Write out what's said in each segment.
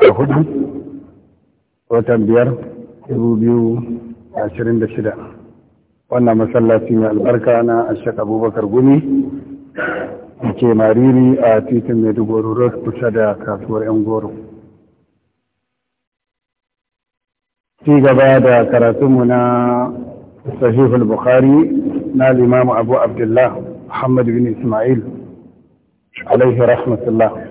da hudu watan biyar dubu biyu ashirin da shida wannan masallaci mai albarka na ashek abubakar gumi da ke mariri a titin maiduguri road kusa da kasuwar yan goro ci gaba da karatunmu na sahihul bukhari na limamu abu abdullah محمد بن إسماعيل عليه رحمة الله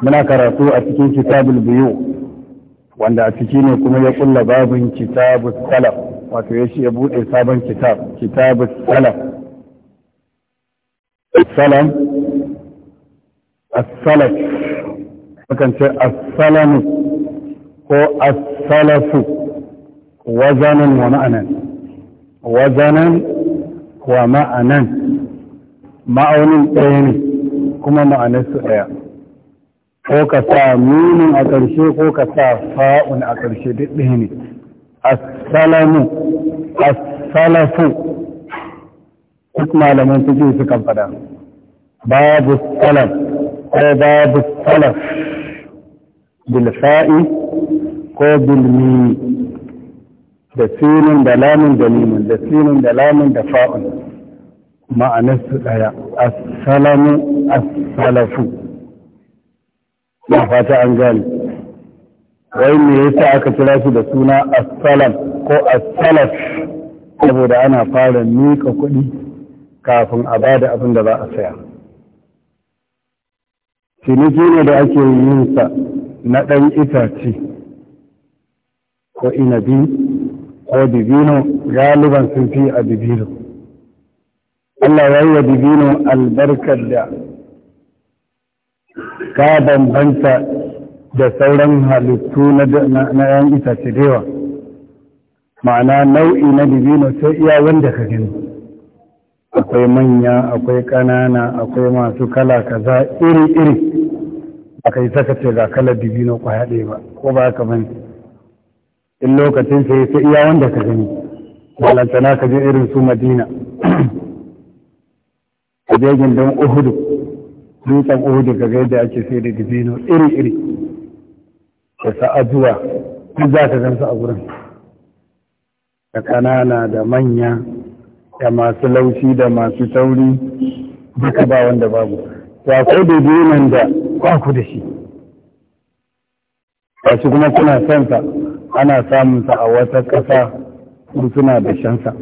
muna karatu a cikin kitabul biyu wanda a ciki ne kuma ya kulla babin kitabus salaf wato ya shi ya sabon kitab kitabus salaf salam as ce ko salafu wazanan wa ma'anan ma'aunin ɗaya ne kuma ma'anarsu ɗaya ko ka sa munin a ƙarshe ko ka sa fa'un a ƙarshe duk ɗaya ne assalamu assalafu duk malaman suke suka faɗa. babu salaf ko babu salaf bilfa'i ko bilmini. da sinin da lamin da neman da sinin da lamin da fa'un ma'anarsu ɗaya assalamu assalafu na fata an gani wai me yasa aka kira shi da suna assalam ko assalaf saboda ana fara miƙa kuɗi kafin a bada abin da za a saya ciniki ne da ake yin sa na ɗan itace ko inabi ko dibino galiban sun fi a dibino Allah ya yi wa dibino albarkar da ka bambanta da sauran halittu na yan itace da yawa ma'ana nau'i na dibino sai iya wanda ka gani akwai manya akwai ƙanana akwai masu kala kaza iri-iri ka yi saka ce ga kalar dibino kwaya ɗaya ba ko ba ka manta in lokacin sai sai iya wanda ka gani balantana ka je irin su madina ka jirgin don uhudu dutsen uhudu ga yadda ake sai da dibino iri-iri da sa'aduwa duk za ka gansu a wurin da kanana da manya da masu laushi da masu tauri duka ba wanda babu to akwai da ku da shi ba su kuma suna son sa ana samun samunsa a wata ƙasa sun suna da shansa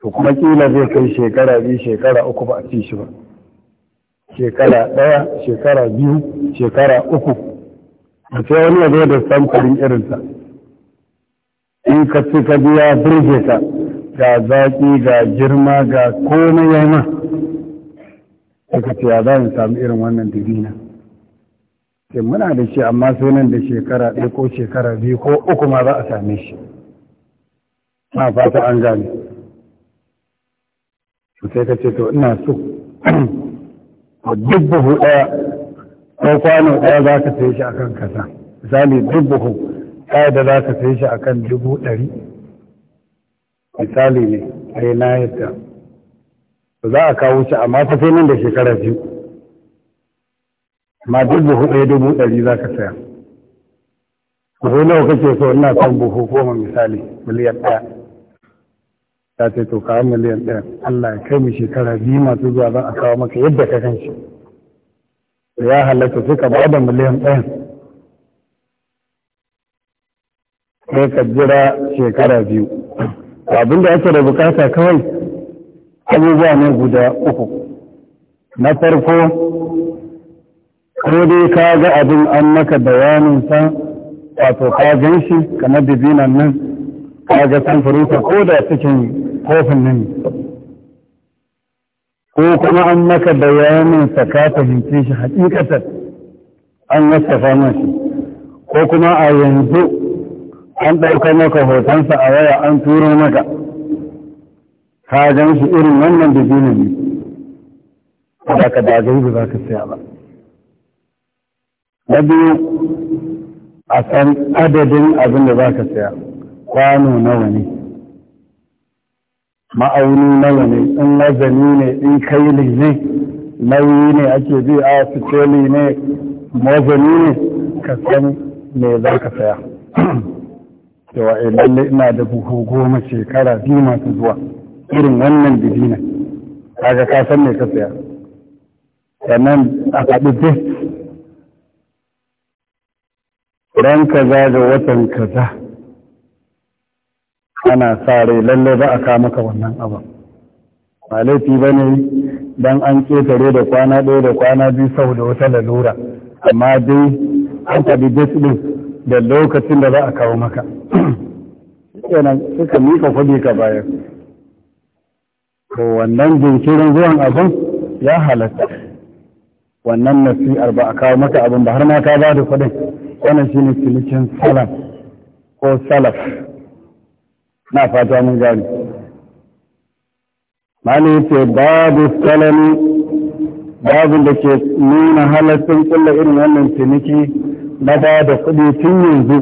to kuma ƙila zai kai shekara biyu shekara uku ba a ci shi ba shekara ɗaya shekara biyu shekara uku a sai wani ya da samfurin irinsa in ka ci ka biya birge ka ga zaƙi ga girma ga komai yana suka ce ya za mu samu irin wannan dubina sai muna da shi amma sai nan da shekara ɗaya ko shekara biyu ko uku ma za a same shi ma fata an gane sai ka ce to ina so to duk buhu ɗaya ko kwano ɗaya za ka sai shi a kan kasa misali duk buhu ɗaya da za ka sai shi a kan dubu ɗari misali ne yi na yadda za a kawo shi amma fa sai nan da shekara biyu ma duk buhu ɗaya dubu ɗari za ka saya buhu nawa kake so ina son buhu goma misali miliyan ɗaya ta ce to kawo miliyan ɗaya Allah ya kai mu shekara biyu masu zuwa za a kawo maka yadda ka kan shi ya halatta suka ba da miliyan ɗaya sai ka jira shekara biyu abin da ake da bukata kawai abubuwa ne guda uku na farko ko dai ka ga abin an maka bayanin sa wato ka gan shi kamar dibinan nan ka ga san furuta ko da cikin kofin nan ko kuma an maka bayanin sa ka fahimce shi hakikatar an wasafa shi ko kuma a yanzu an ɗauka maka hotonsa a waya an turo maka ka gan shi irin wannan dibinin ne ba ka da ba za ka siya ba na biyu a san adadin abin da za ka saya kwano nawa ne ma'auni nawa ne in nazani ne in kaili ne nauyi ne ake bi a sikeli ne mazani ne ka san me za ka saya cewa eh, lalle ina da buhu goma shekara biyu masu zuwa irin wannan bidina kaga ka san me ka saya sannan a faɗi duk ran kaza ga watan kaza ana sa rai lalle ba a ka maka wannan abin ba laifi ba ne don an ketare da kwana ɗaya da kwana biyu saboda wata lalura amma dai an tabi ɗin da lokacin da za a kawo maka Yana suka mika kuɗi ka bayar to wannan jinkirin zuwan abin ya halatta wannan nasi'ar ba a kawo maka abin ba har ma ka ba da kuɗin wannan ne cinikin salaf ko salaf na fata mun gani mali ce babu salami babu da ke nuna halattun kulla irin wannan ciniki na ba da kuɗi tun yanzu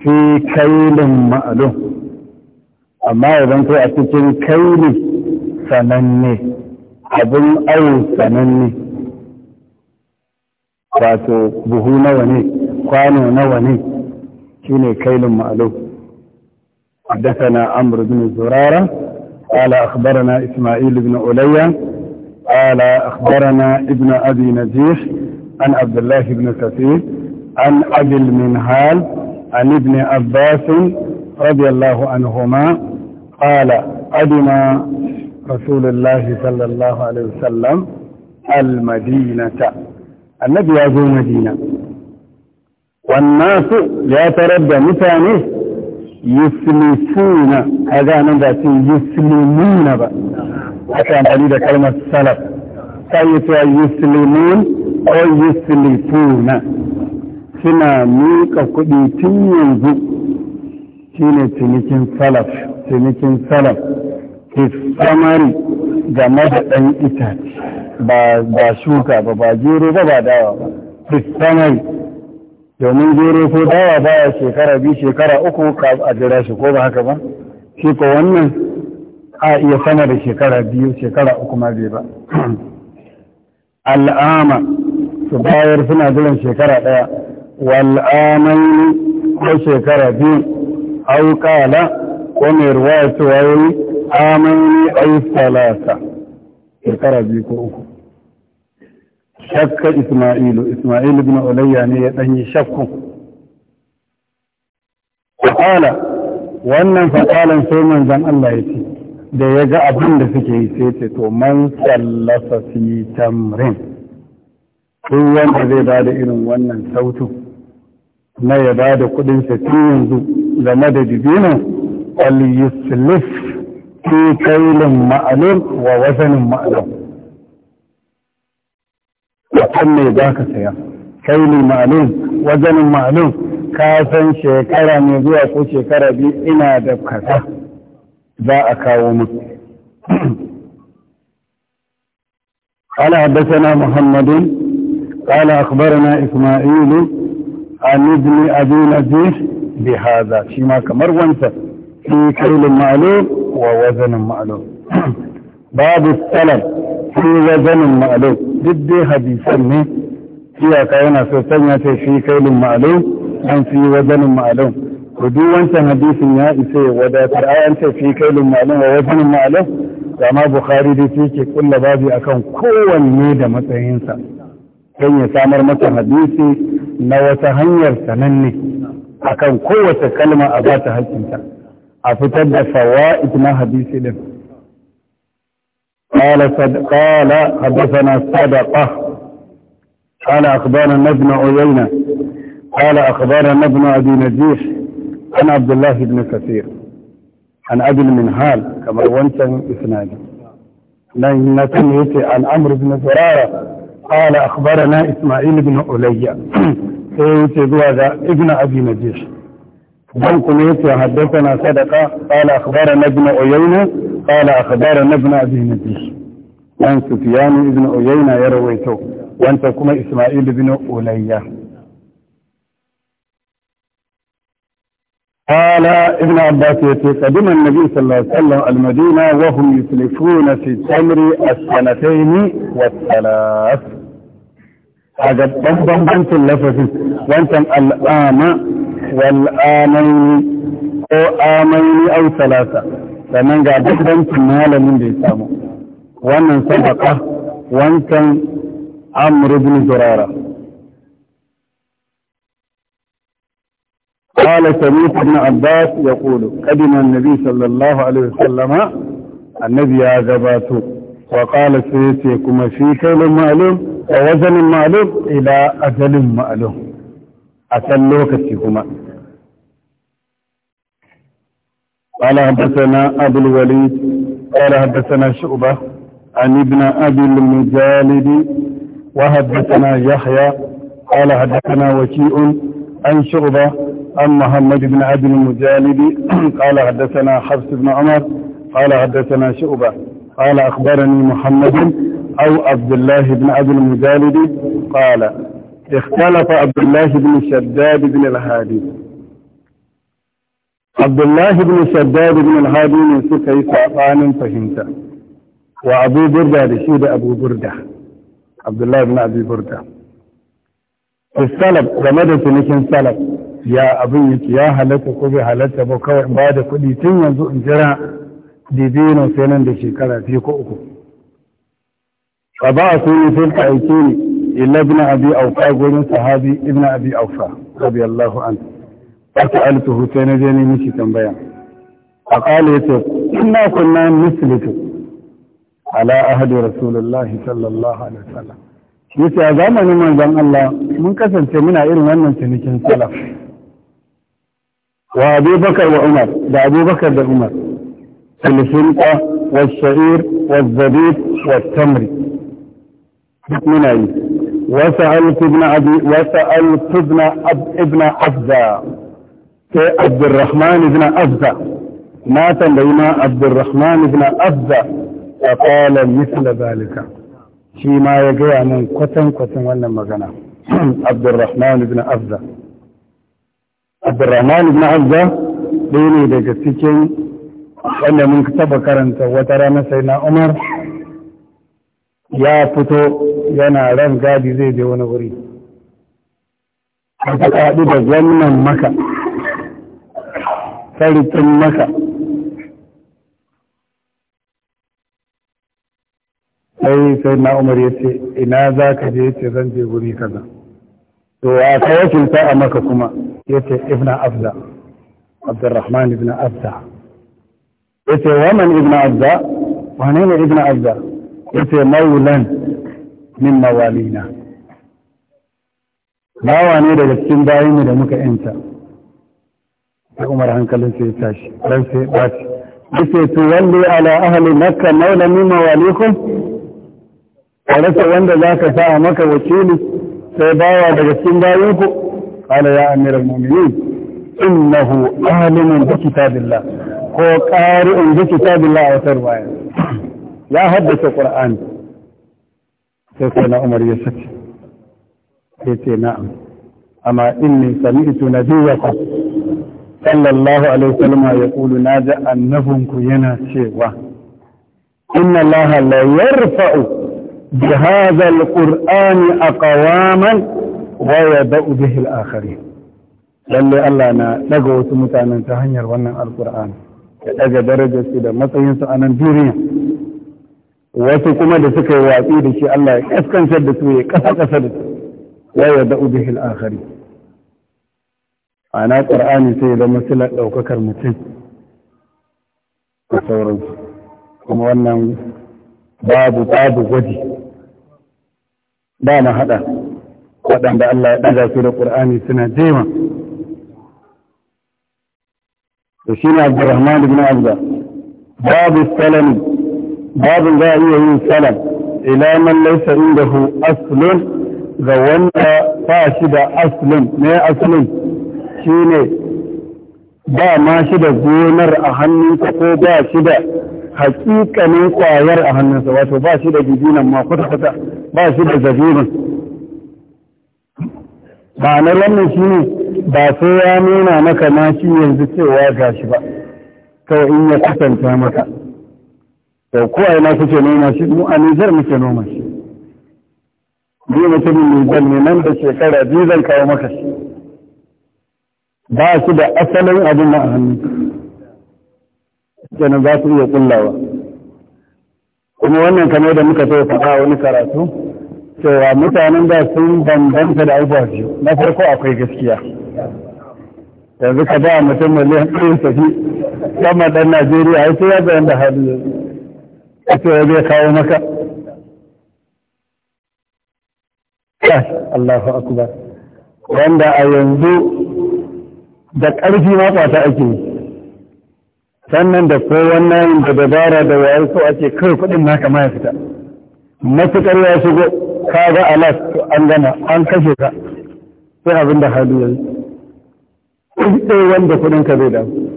fi kailin ma'alum amma idan ko a cikin kaili sananne abin au sananne wato buhu nawa ne kwano nawa ne shine kailun ma'lum حدثنا عمرو بن زرارة قال أخبرنا إسماعيل بن أولية قال أخبرنا ابن أبي نجيح عن عبد الله بن كثير عن أبي المنهال عن ابن عباس رضي الله عنهما قال أدنا رسول الله صلى الله عليه وسلم المدينة النبي يزور مدينة Wannan wannasu ya tarar da mutane yuslisuna a ganin da ce yuslimuna ba A aka amfani da kalmar salaf sai yi cewa yuslimun ko yuslisuna suna miƙa kuɗi tun yanzu ne cinikin salaf cinikin salaf samari game da ɗan itace ba shuka ba ba jere ba ba dawa ba samari domin gero ko dawa baya shekara biyu shekara uku ka a jira shi ko ba haka ba shi ko wannan a iya sama da shekara biyu shekara uku ma bai ba al'ama su bayar suna jiran shekara ɗaya wal'amaini ko shekara biyu auƙala ko mai ruwa ya ce wayoyi amaini ai salasa shekara biyu ko uku shakka Ismailu Ismailu bin Ulayya ne ya ɗan yi shakkun qala wannan fasalan sai manzan Allah ya ce da ya ga abin da suke yi sai ce to man sallasa fi tamrin duk wanda zai ba da irin wannan sautin na ya ba da kuɗin sa tun yanzu game da dibino al yuslif fi kailin wa wazanin ma'alum wajen ne za ka saya, kai ne malu, wajen malu, kafin shekara ne zuwa ko shekara biyu ina da kasa za a kawo mutu. Ala haddasa na Muhammadu, ala akubar na Ismailu, a nizini a juna jis kamar wanta, shi kai ne wa wajen malu. باب السلام fi zanin ma'alau duk dai hadisan ne iyaka yana so sanya ce fi kailin ma'alau an fi zanin ma'alau ku duk wancan hadisin ya isa ya wadatar ayan ce fi kailin ma'alau wa wazanin ma'alau amma bukhari dai shi ke kulla babi akan kowanne da matsayinsa don ya samar masa hadisi na wata hanyar sananne akan kowace kalma a ba ta hakinta a fitar da fawa'id na hadisi din قال سد... قال حدثنا صدقة قال اخبرنا ابن عيينة قال اخبرنا ابن أبي نجيح عن عبد الله بن كثير عن أبي المنهال كما وانت إثنان لأن يتي عن عمرو بن زرارة قال أخبرنا إسماعيل بن أولي سيتي ابن أبي نجيح بن كما حدثنا صدقة قال أخبرنا ابن عيينة قال أخبرنا ابن أبي نجيش عن سفيان ابن عيينة يرويته وأنت كما إسماعيل بن اوليا قال ابن عباس قدم النبي صلى الله عليه وسلم المدينة وهم يسلفون في التمر السنتين والثلاث هذا بن بن بمبن تلفز وانتم الآن والآمين wal'amai ko amai au salasa sannan ga bambancin malamin da ya samu wannan وان كان عمر بن زرارة قال سميت ابن عباس يقول قدم النبي صلى الله عليه وسلم النبي عذباته وقال سيسيكم في كيل معلوم ووزن معلوم إلى أجل معلوم a san lokaci قال حدثنا أبو الوليد قال حدثنا شعبة عن ابن أبي المجالد وحدثنا يحيى قال حدثنا وشيء عن شعبة عن محمد بن أبي المجالد قال حدثنا حفص بن عمر قال حدثنا شعبة قال أخبرني محمد أو عبد الله بن أبي المجالد قال اختلف عبد الله بن شداد بن الهادي عبد الله بن شداد ne suka yi saɓanin fahimta wa abu burda da abdullahi bin abu burda salaf game da cinikin salaf ya abin yake ya halatta ko bai halarta ba kawai ba da kuɗi tun yanzu in jira dibino sai da shekara biyu ko uku ba ba su ne sai ka aike ni إلا ابن أبي أوفا قول صحابي ابن أبي أوفا رضي الله عنه فسألته سنجني مشي تنبيا فقال يتوب إنا كنا نسلك على أهد رسول الله صلى الله عليه وسلم يسي أزامني من ذن الله من كسر سمنا إلو أن نسلك سلف وأبي بكر وعمر ده أبي بكر ده عمر الحنطة والشعير والزبيب والتمر منا يسي وسألت ابن أبي وسألت ابن أب ابن أفزا في عبد الرحمن ابن أفزا ما تنبينا عبد الرحمن ابن أفزا فقال مثل ذلك شيما يجي من قتن قتن ولا مغنى عبد الرحمن ابن أفزا عبد الرحمن ابن أفزا ديني دي wanda mun من كتب كرنت وترى نسينا عمر ya fito yana ran gadi zai je wani wuri aka kaɗu da gwamnan maka sarkin maka sai sai na umar ya ce ina za ka je ce zan je guri kaza to a ka wakilta a maka kuma ya ce ibn abda abdurrahman ibn abda ya ce waman ibn abda wane ne ibn abda yace maulan min mawalina bawa ne daga cikin bayinmu da muka yanta sai umar hankalin sai ya tashi ran sai ya ɓaci yace to walli ala ahli makka maulan min mawalikum a rasa wanda za ka sa maka wakili sai bawa daga cikin bayinku qala ya amiral mu'minin innahu alimun bi kitabillah ko qari'un bi a wata riwaya لا هدث القرآن سيكون عمر يسك يتي نعم أما إني سمعت نبي صلى الله عليه وسلم يقول نادى أنهم ينا شيوا إن الله لا يرفع بهذا القرآن أقواما ويبدأ به الآخرين لأن الله أنا لقوت متعنا تهنير وانا القرآن كأجا درجة سيدة مطيين سؤالا ديرين wasu kuma da suka yi watsi da shi Allah ya kaskancar da su ya kasa kasa da su wa ya da'u bihi al-akhari ana qur'ani sai ya zama silar daukakar mutum da sauransu kuma wannan babu babu gwaji ba mu hada waɗanda Allah ya ɗaga su da qur'ani suna jema Da to shine Abdurrahman ibn Abda babu salami babin za a iya yin salon ila man laysa indahu aslun ga wanda ba shi da aslun ne aslun shine ba ma shi da gonar a hannunsa ko ba shi da hakikanin kwayar a hannunsa wato ba shi da gibinan ma kwata-kwata ba shi da zabirin ba na wannan shi ne ba sai ya nuna maka ma shi yanzu cewa shi ba kawai in ya kasanta maka to ko a ina kuke noma shi mu a Nijar muke noma shi ni mutumin Nijar ne nan da shekara biyu zan kawo maka shi ba su da asalin abin a hannu kenan za su iya kullawa kuma wannan kamar da muka so faɗa wani karatu cewa mutanen da sun bambanta da abubuwa biyu na farko akwai gaskiya yanzu ka ba mutum miliyan ɗin tafi sama ɗan Najeriya ce ya bayan da hali yanzu a ya zai kawo maka Allahu akbar wanda a yanzu da ƙarfi ma kwata ake sannan da kowan nayin da dabara da wayar so ake kai kuɗin naka ma ya fita matukar ya shigo ka ga alas an gana an kashe ka sai abin da hali yanzu ɗaya wanda kuɗin ka zai damu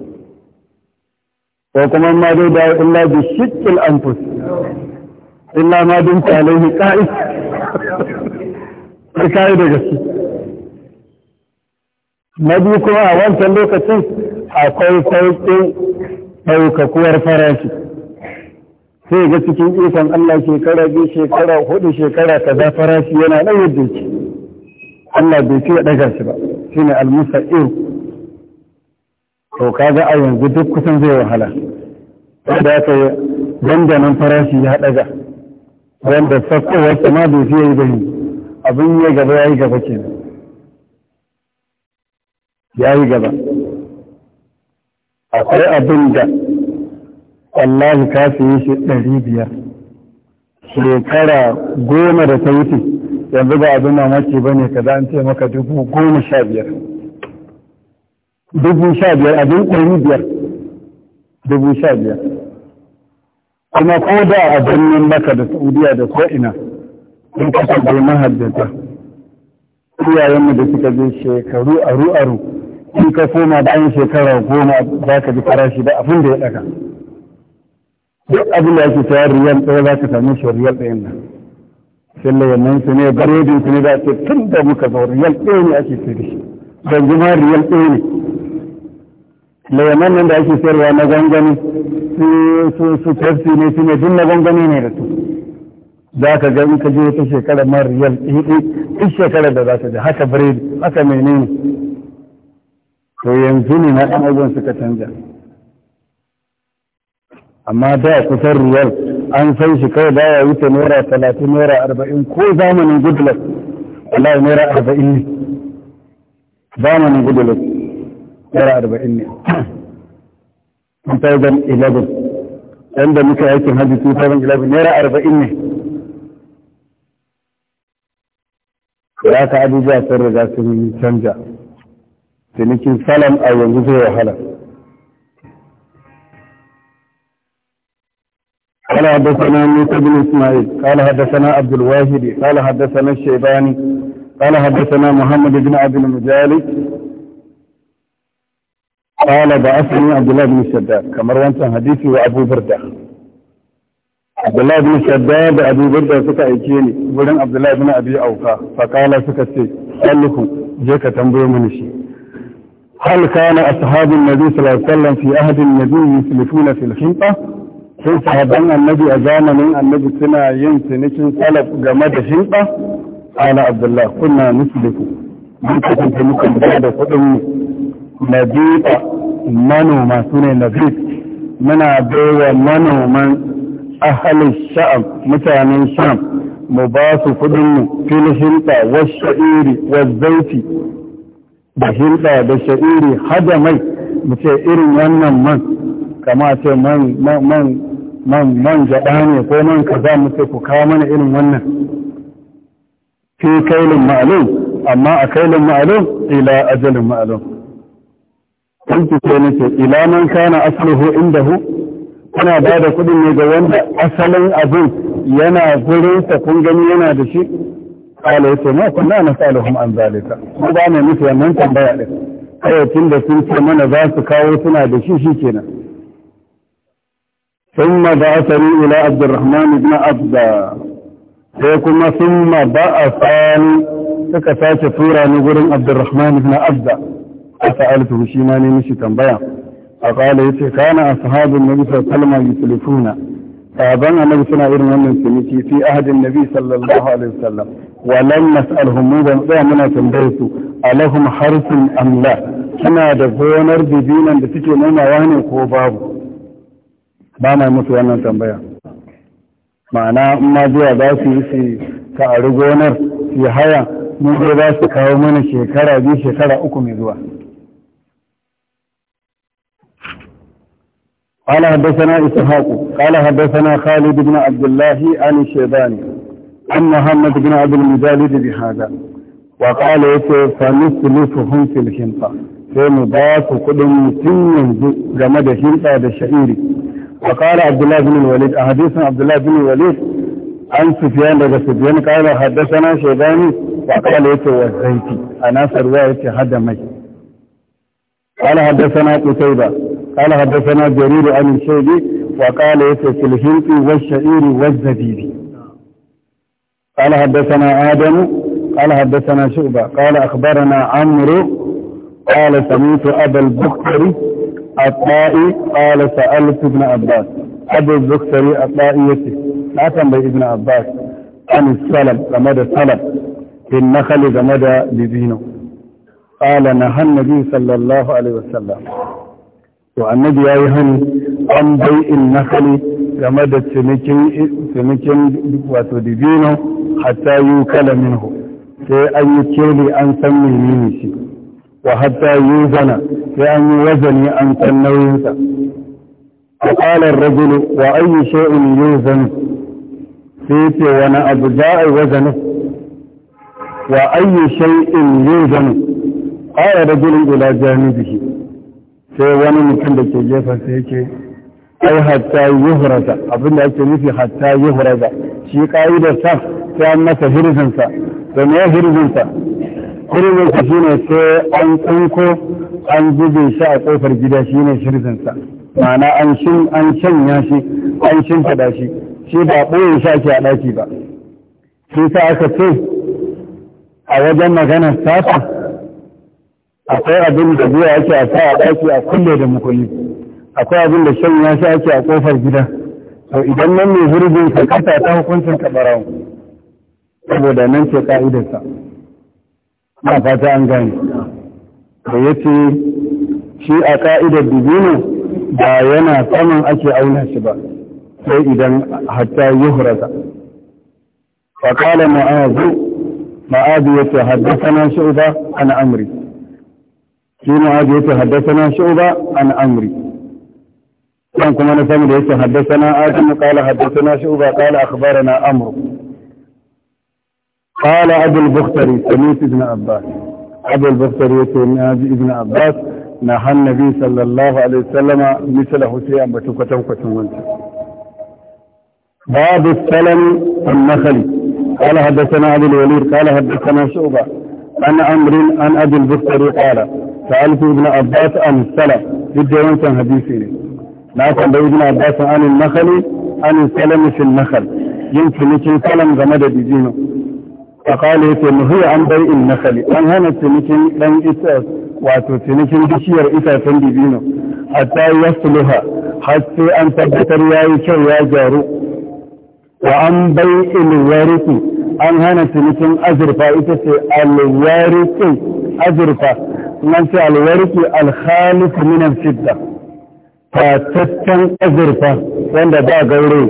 ko kuma ma dai da Allah bi shiqqil anfus illa ma dumta alaihi sai kai da gaske na biyu kuma a wancan lokacin akwai sauƙin ɗaukakuwar farashi sai ga cikin ikon Allah shekara biyu shekara hudu shekara za farashi yana nan yadda yake Allah bai ci wa ɗaga shi ba shine al-musa'ir to ga a yanzu duk kusan zai wahala wanda aka yi dandanan farashi ya ɗaga wanda sakkowar ta ma bai fiye yi bane abin ya gaba ya yi gaba ke ya yi gaba akwai abin da wallahi ka yi shi ɗari biyar shekara goma da ta wuce yanzu ba abin mamaki ba ne ka za ce maka dubu goma sha biyar dubu sha biyar abin ɗari biyar dubu sha biyar kuma ko da a birnin maka da saudiya da ko'ina sun kasa bai mahajjata iyayenmu da suka je shekaru aru aru in ka koma bayan shekara goma za ka ji farashi ba abin da ya ɗaga duk abin da ake sayar riyal ɗaya za ka same shi riyal ɗayan nan shalla wannan su ne baredin su ne za a ce tun da muka zo riyal ɗaya ne ake sayar da shi yanzu ma riyal ɗaya ne layaman nan da ake sayarwa na gangani su su tafsi ne su ne duk na gangani ne da su za ka ga in ka je ta shekara mariyar riyal eh, eh, duk shekarar da za ta je, haka biredi haka menene to yanzu ne na ɗan abubuwan suka canja amma da kusan riyal an san shi kawai da ya wuce naira talatin naira arba'in ko zamanin goodluck wallahi naira arba'in ne zamanin goodluck tara arba'in ne 2011 yadda muka yakin hajji 2011 naira arba'in ne da ka abubuwa sun riga sun canja cinikin salam a yanzu zai wahala قال حدثنا موسى بن اسماعيل قال حدثنا عبد الواحد قال حدثنا الشيباني قال حدثنا محمد بن عبد المجالس قال بعثني عبد الله بن شداد كما روانت حديثي وابو برده عبد الله بن شداد ابو برده suka aike ni gurin Abdullah bin Abi Auka fa kala suka ce sallihu je ka tambayo mini shi هل كان أصحاب النبي صلى الله عليه وسلم في عهد النبي يسلفون في الخنطة؟ sun sahabban annabi a zamanin annabi suna yin cinikin salaf game da shinɗa? Ala Abdullahi kuna nusliku, mun kasance muka da kuɗin mu nabifa manoma sune ne muna baiwa manoman ahalin sha'am mutanen sham mu ba su kudinmu filhinta wa sha'iri wa zaiti da hinta da sha'iri hada mai mu ce irin wannan man kama ce man man ne ko man kaza mu ce ku kawo mana irin wannan fi kailin ma'alum amma a kailin ma'alum ila ajalin ma'alum kunki ce nake ila man kana asluhu indahu kana ba da kuɗin ne ga wanda asalin abin yana gurinsa kun gani yana da shi kala yace ma kunna nasaluhum an zalika mu ba mu nufi wannan tambaya din kai tun da sun ce mana za su kawo suna da shi shikenan ثم بعثني إلى ila الرحمن بن عبد sai kuma sun ma ba a sani suka sace tura ni gurin abdurrahman ibn abda sa'altuhu shi ma ne mishi tambaya a kala yace kana ashabun nabi sallallahu alaihi wasallam yuslifuna sahaban annabi suna irin wannan ciniki fi ahadin nabi sallallahu alaihi wasallam wa lam nas'alhum mu ban tsaya muna tambaye su alahum harsun am la da gonar dibinan da suke nomawa ne ko babu ba na musu wannan tambaya ma'ana in ma zuwa za su yi su ta'ari gonar su haya mun dai za su kawo mana shekara biyu shekara uku mai zuwa قال حدثنا إسحاق قال حدثنا خالد بن عبد الله عن الشيباني عن محمد بن عبد المجالد بهذا وقال فنسلفهم في الحنطة sai mu ba su kuɗin mutum yanzu game da shirka da sha'iri wa qala abdullah bin walid a hadisin bin walid an sufyan daga sufyan qala haddathana shaybani wa qala yake wa zaiti mai qala haddathana qutayba قال حدثنا جرير عن الشيبي وقال يسس الهند والشعير والزبيب قال حدثنا آدم قال حدثنا شعبة قال أخبرنا عمرو قال سميت أبا البختري الطائي قال سألت ابن عباس أبا البختري الطائي يسس لا تنبي ابن عباس عن السلم لمدى السلم في النخل لمدى لبينه قال نهى النبي صلى الله عليه وسلم to annabi ya yi hani an bai'in nakali game da cinikin wato divino hatta yi kala minhu sai an yi keli an san menene shi wa hatta yi zana sai an yi wazani an san nauyinsa a ƙalar ragulu wa yi ayyu shay'in yuzan sai ce wani abu za a yi wazanin wa yi ayyu shay'in yuzan ƙara rajulun ila janibihi sai wani mutum da ke jefa sai yake ai hatta yuhrata abinda ake nufi hatta yuhrata shi ka'idar sa sai an masa hirzin sa da me hirzin sa hirzin shine sai an tsinko an zube shi a kofar gida shine hirzin sa ma'ana an shin an shanya shi an shin fada shi shi ba boye shi ake a ɗaki ba shi sa aka ce a wajen maganar safa akwai abin da zuwa ake a sa a ɗaki a kulle da mukulli akwai abin da shan ya sha ake a ƙofar gida to idan nan ne zurbin ka kasa ta hukuncin ka barawo saboda nan ce ka'idarsa na fata an gane da ya ce shi a ka'idar dubino ba yana saman ake auna shi ba sai idan hatta yi hurata فقال معاذ معاذ يتحدثنا شعبة عن أمري في معاذ yake haddasana عن an amri kan kuma na samu حدثنا yake قال adamu kala haddasana قال أبو البختري سميت ابن عباس أبو البختري يقول ابن عباس نهى النبي صلى الله عليه وسلم مثله شيئا بتوكة وكة باب السلم النخلي قال حدثنا أبو الوليد قال حدثنا شعبة عن عمرو عن أبي البختري قال سألت ابن عباس عن السلف بدون كان حديثي na tambayi ibn Abbas an al-nakhli an al-salam fi al-nakhl yumkin cin salam game da dijino fa qala yace muhiya an bai al-nakhl an hana cinikin dan isa wato cinikin bishiyar itacen dijino hatta yasluha har sai an tabbatar yayi kyau ya gyaru wa an bai al-warisi an hana cinikin azurfa ita ce al-warisi azurfa nan alwarki alhalis minan fidda fataccen azurfa wanda ba gaure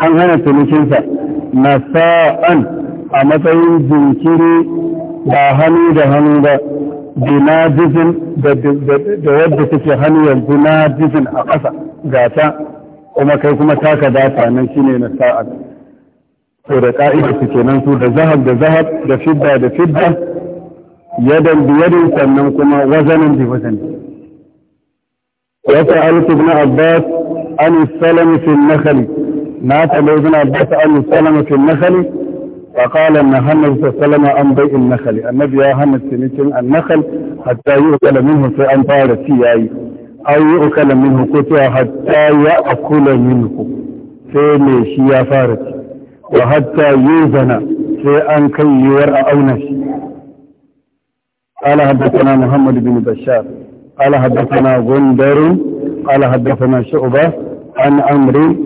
an hana cinikinsa na sa'an a matsayin jinkiri ba hannu da hannu ba dinajizin da wadda take hannu yanzu na a ƙasa gata kuma kai kuma taka data nan shine na sa'an to da ka'ida suke nan su da zahab da zahab da fidda da fidda yadan biyadin sannan kuma بوزن bi wazanin وسألت ابن عباس عن السلم في النخل مات نعم، ابن عباس عن السلم في النخل فقال أن هنس السلم عن بيء النخل النبي هنس سنتين النخل حتى يؤكل منه في أنطار السياي أو يؤكل منه كتوى حتى يأكل منه في ميشي فارت وحتى يوزن في أن كي قال حدثنا محمد بن بشار قال حدثنا غندر قال حدثنا شعبة عن عمري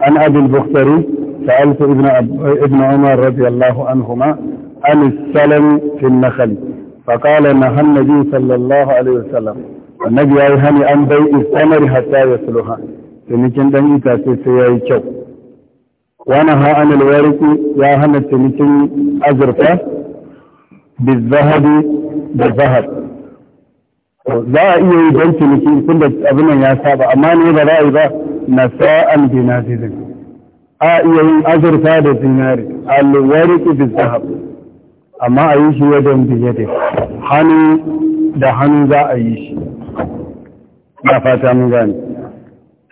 عن أبي البختري سألت ابن, أب... ابن عمر رضي الله عنهما عن السلم في النخل فقال نهى النبي صلى الله عليه وسلم النبي يا هني عن بيع الثمر حتى يصلها تنكين دن إتاسي سيئي كو ونهى عن الوارث يا هني تنكين أزرفه bizahabi da zahab za a iya yi don ciniki tun da abin ya saba amma ne ba za a yi ba na sa'an dinazirin a iya yin azurfa da zinari alwariki bizahab amma a yi shi wajen biyade hannu da hannu za a yi shi na fata mun gane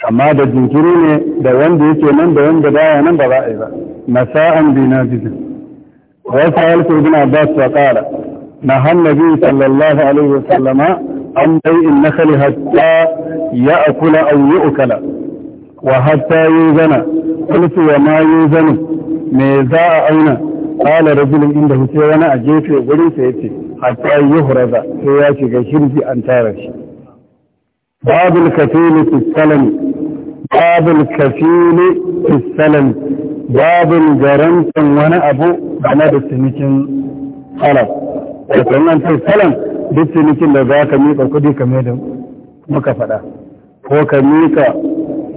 amma da jinkiri ne da wanda yake nan da wanda baya nan ba za a yi ba na sa'an dinazirin wata halittu ibn abbas wa kara na hannabi sallallahu alaihi an bai in na kali hatta ya a kula an ukala wa hatta yi zana kulfi wa ma yi zana me za a aina kala rajulun inda hutu wani a gefe wurin sa yace hatta yi huraza sai ya shiga hirbi an tara shi babul kafili tisalami babin garantan wani abu game da cinikin salaf da nan sai salam duk cinikin da za ka miƙa kuɗi ka da muka faɗa ko ka miƙa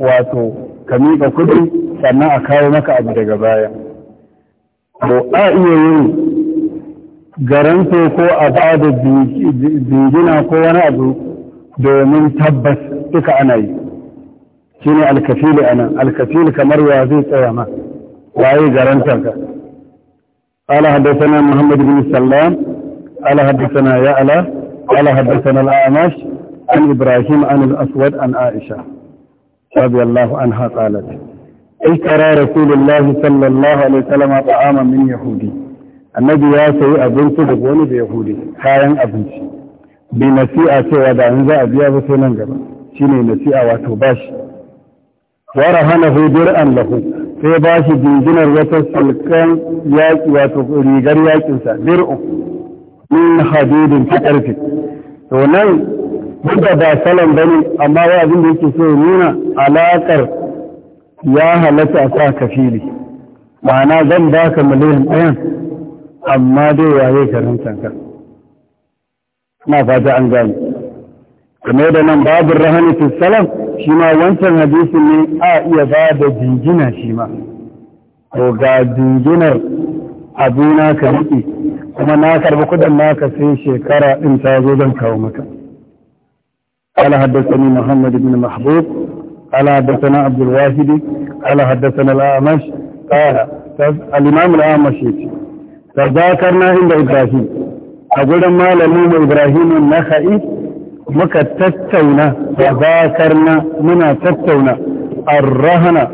wato ka miƙa kuɗi sannan a kawo maka abu daga baya to a iya yin garanto ko a ba da jingina ko wani abu domin tabbas duka ana yi shine alkafili anan alkafili kamar ya zai tsaya ma waye garantanka قال حدثنا محمد بن سلام قال حدثنا يعلى قال حدثنا الأعمش عن إبراهيم عن الأسود عن عائشة رضي الله عنها قالت اشترى رسول الله صلى الله عليه وسلم طعاما من يهودي النبي يا سي أبنت دقوني بيهودي كاين أبنتي بنسيئة ودعن ذا أبيا بسنن قبل شيني نسيئة وتباشر wa rahanahu dir'an lahu sai ba shi dinginar wata sulkan yaƙi wato rigar yaƙinsa dir'u min hadidin ta ƙarfi to nan duka ba salon ne, amma wa abin da yake so nuna alaƙar ya halatta a sa kafili ma'ana zan baka miliyan ɗayan amma dai waye karantanka na fata an gani. kuma da nan babu rahanitin salam shi ma wancan hadisi ne a iya ba da jingina shi ma ko ga jinginar abuna ka riƙe kuma na karbi kudin naka sai shekara ɗin ta zo zan kawo maka ala ni muhammad ibn mahbub ala haddasana abdul wahidi ala haddasana al'amash ƙara al'imam al'amash yace ta zakar na inda ibrahim a gudun malamin ibrahim na ha'i muka tattauna da na muna tattauna arrahana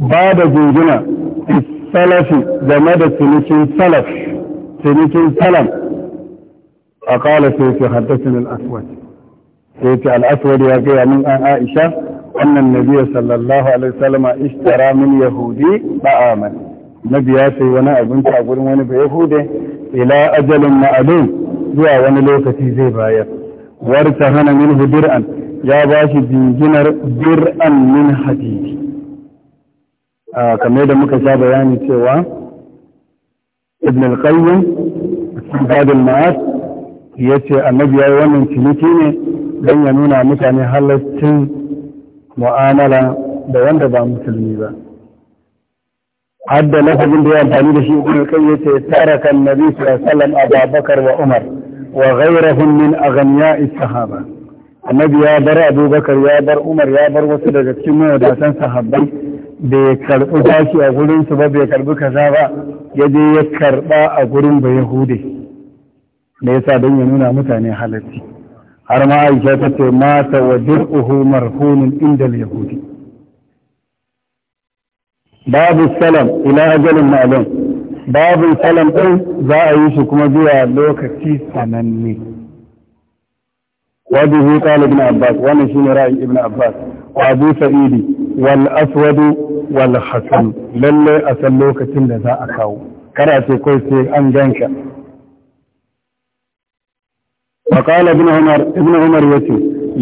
ba da jingina salafi game da cinikin salaf cinikin salam a kawala sai ce haddasin al'aswad sai ce al'aswad ya gaya min an aisha wannan nabiya sallallahu alaihi salama ishtara min yahudi ba'aman nabi ya sai wani abinci a gurin wani ba yahude ila ajalin ma'adun zuwa wani lokaci zai bayar warta hana min dir'an ya ba shi jinginar dir'an min hadidi kamar da muka sha bayani cewa ibn al-qayyim badal ma'at ya ce annabi ya yi wannan ciniki ne don ya nuna mutane halaccin mu'amala da wanda ba musulmi ba hadda lafazin da ya amfani da shi ibn al-qayyim ya ce taraka annabi sallallahu alaihi wasallam abubakar wa umar wa ghayrahum min aghniya'i sahaba annabi ya bar abubakar ya bar umar ya bar wasu daga cikin mawadatan sahabbai bai karɓi bashi a gurinsu ba bai karɓi kaza ba ya je ya karɓa a gurin ba yahude me yasa don ya nuna mutane halarci har ma aisha ta ce mata wa dir'uhu marhunin inda yahudi babu salam ila ajalin ma'lum babin salam ɗin za a yi shi kuma zuwa lokaci sananne wadda zai kala ibn abbas wannan shine ra'ayin ibn abbas wa abu sa'idi wal aswadu wal hasan lalle a san lokacin da za a kawo kada ce kai sai an ganka wa qala ibn umar ibn umar yace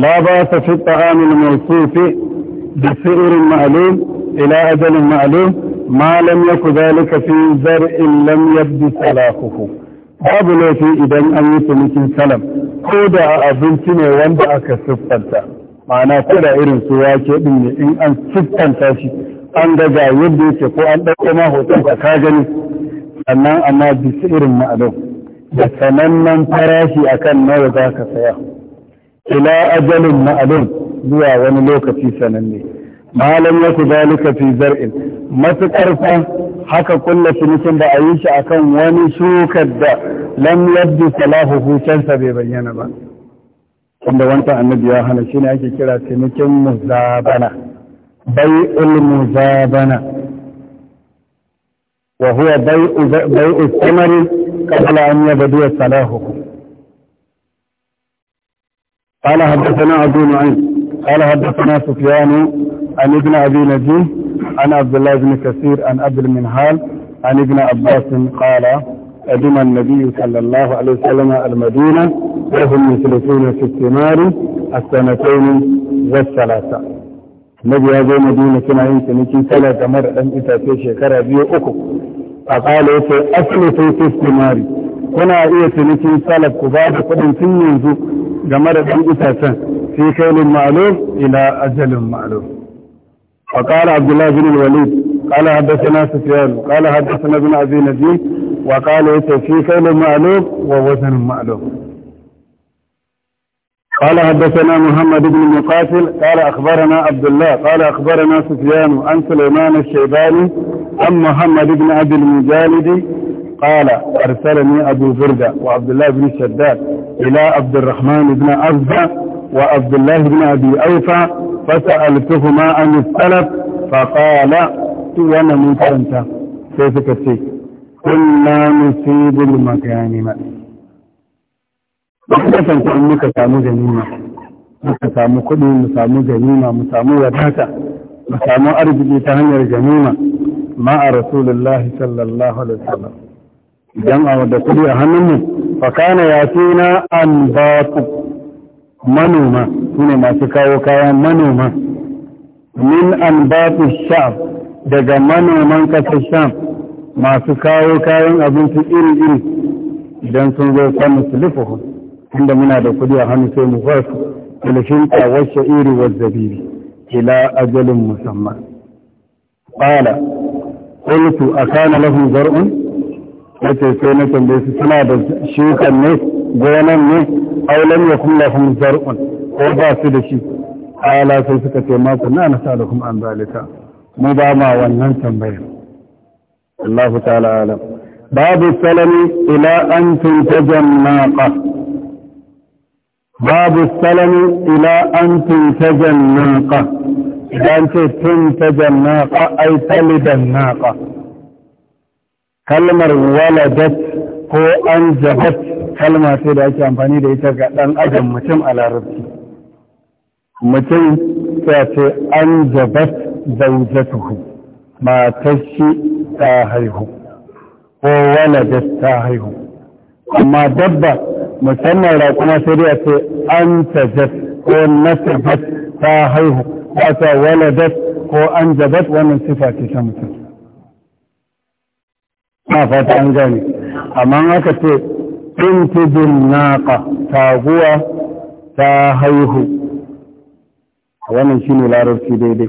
la ba ta fi ta'amil mawsuf bi si'rin ma'lum ila ajalin ma'lum ma lam yaku zalika fi zar'in lam yabdi salahuhu babu laifi idan an yi cinikin salam ko da abinci ne wanda aka siffanta ma'ana ko da irin su wake din ne in an siffanta shi an ga ga yadda yake ko an ɗauko ma hoton ka ka gani sannan amma bisa irin ma'alau da sanannen farashi akan nawa za ka saya ila ajalin ma'adin, zuwa wani lokaci sananne malam ya ku zalika fi zar'in matuƙar fa haka kulla cinikin da a yi shi akan wani shukar da lam yabdu salahu hucensa bai bayyana ba wanda wancan annabi ya hana shine ake kira cinikin muzabana bai'ul muzabana wa huwa bai'u samari qabla an yabdu salahu قال حدثنا عبد المعين قال حدثنا سفيان عن ابن أبي نجيه عن عبد الله بن كثير عن أبي المنهال عن ابن عباس قال قدم النبي صلى الله عليه وسلم المدينة وهم يثلثون في الثمار السنتين والثلاثة النبي هذا مدينة كما يمكن ثلاثة مرة أن إتاتي شكرا بيو أكو فقال أثلثوا في الثمار kuna iya cinikin salaf ku ba da kudin tun yanzu ga mara ɗan itacen fi kailin ma'alum ila ajalin ma'alum فقال عبد الله بن الوليد قال حدثنا سفيان قال حدثنا ابن ابي نجيب وقال في كيل معلوم ووزن معلوم قال حدثنا محمد بن مقاتل قال اخبرنا عبد الله قال اخبرنا سفيان عن سليمان الشيباني عن محمد بن ابي المجالد قال ارسلني ابو برده وعبد الله بن الشداد الى عبد الرحمن بن عبده وعبد الله بن أبي أوفى فسألتهما عن السلف فقال وانا من كرمتا كيف كتي كنا نصيب المكانم kasan ta in muka samu ganima muka samu kuɗi mu samu ganima mu samu wadata mu samu arziki ta hanyar ganima ma a rasulullahi sallallahu alaihi wasallam idan a wadda kuɗi a hannunmu fa kana yatina an manoma su ne masu kawo kayan manoma min an su sha daga manoman kasashen sham masu kawo kayan abinci iri-iri idan sun zo kwanan silifuhu inda muna da kudi a hannu sai mu farsu ilfinta wacce iri wa zabiri ila ajalin musamman ƙala ƙultu a kana lafin zar'un ya ce sai na tambaye su suna da shukan ne gonan ne aulan ya kuma lahum zar'un ko ba su da shi ala sai suka ce ma kunna na sa da kuma an zalika mu ba ma wannan tambayar Allahu ta'ala alam babu salami ila an tuntaja naqa babu salami ila an tuntaja naqa idan ce tuntaja naqa ay talidan naqa kalmar waladat ko an jabat kalma ce da ake amfani da ita ga ɗan adam mutum a larabci mutum ta ce an jabat zaujatuhu matar shi ta haihu ko waladat ta haihu amma dabba musamman raƙuma sai dai ce an tajat ko nasabat ta haihu ko ta waladat ko an jabat wannan sifa ce ta mutum na fata an gani amma aka ce naqa taguwa ta haihu wannan shine larabci daidai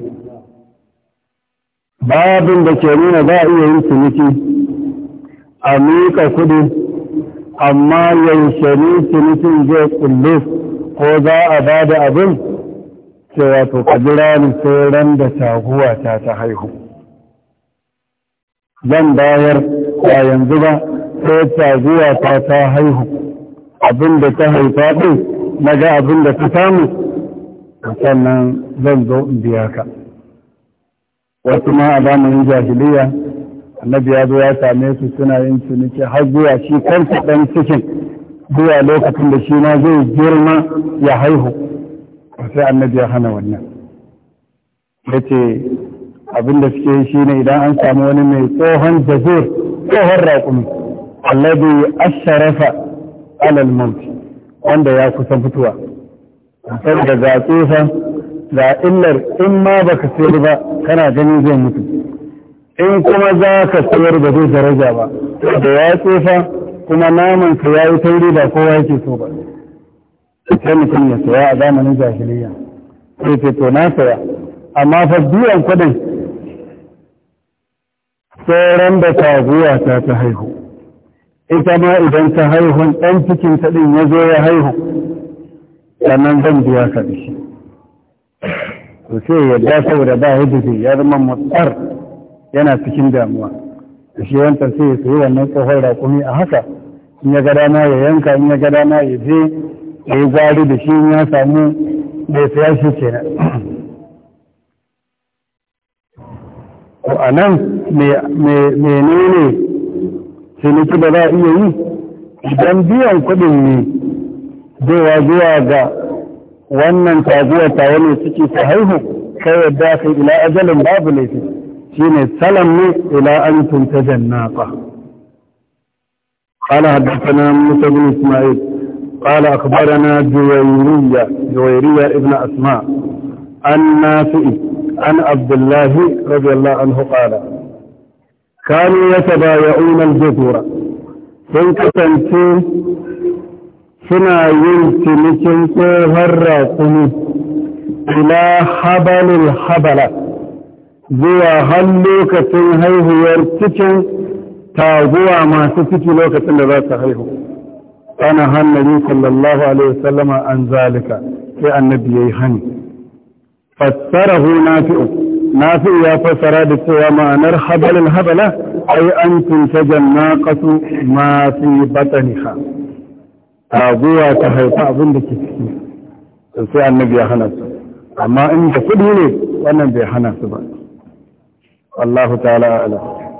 babin da ke nuna za a iya yin ciniki a miƙa kudi amma yaushe ne cinikin zai kulle ko za a ba da abin cewa to jira ni sai ran da taguwa ta ta haihu zan bayar ba yanzu ba sai zuwa ta ta haihu abin da ta haifa ɗin na ga abin da ta samu sannan zan zo in biya ka wasu ma a zamanin jahiliya annabi ya zo ya same su suna yin ciniki har zuwa shi kansa ɗan cikin zuwa lokacin da shi ma zai girma ya haihu sai annabi ya hana wannan ya ce abin da suke yi shine idan an samu wani mai tsohon jazir tsohon raƙumi alladhi asharafa alal maut wanda ya kusan fituwa sai da ga tsufa ga illar in ma baka sayar ba kana ganin zai mutu in kuma za ka sayar da zai daraja ba da ya tsofa kuma naman ka yayi tauri ba kowa yake so ba sai mutum ya saya a zamanin jahiliya sai ce to na saya amma fa biyan kuɗin sauran da da zuwa ta ta haihu ita ma idan ta haihu ɗan cikin ta ɗin ya zo ya haihu sannan zan biya ka da shi to sai yadda saboda ba yadda zai ya zama mutsar yana cikin damuwa da shi wanta sai ya sayi wannan tsohon raƙumi a haka in ya ga dama ya yanka in ya ga dama ya je ya yi gari da shi ya samu bai saya shi kenan ko a nan menene ciniki da za a iya yi idan biyan kuɗi ne zai zuwa ga wannan taguwa ta wani ciki su haihu kai yadda ka ila ajalin babu laifi shine salam ne ila an tunta jannata قال حدثنا موسى بن اسماعيل قال اخبرنا جويرية جويرية ابن اسماء النافئ An عبد الله رضي الله عنه قال كانوا يتبايعون الجذور sun kasance suna yin cinikin tsohon ratsuni ila habalin habala zuwa har lokacin haihuwar cikin taguwa masu ciki lokacin da za su haihu ana hannari sallallahu alaihi wasallama an zalika sai annabi ya hani. fassarahu nafi'u nafi'u ya fassara da cewa ma'anar habalin habala ai an tunta jannaqatu ma fi batniha taguwa ta haifa abin da ke ciki to sai annabi ya hana su amma in da kuɗi ne wannan bai hana su ba Allahu ta'ala a'lam